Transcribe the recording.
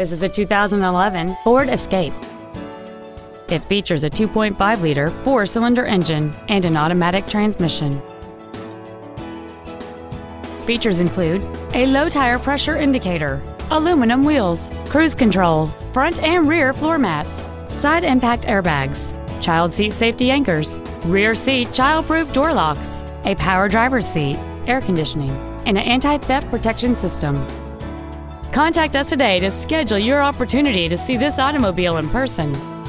This is a 2011 Ford Escape. It features a 2.5-liter four-cylinder engine and an automatic transmission. Features include a low-tire pressure indicator, aluminum wheels, cruise control, front and rear floor mats, side impact airbags, child seat safety anchors, rear seat child-proof door locks, a power driver's seat, air conditioning, and an anti-theft protection system. Contact us today to schedule your opportunity to see this automobile in person.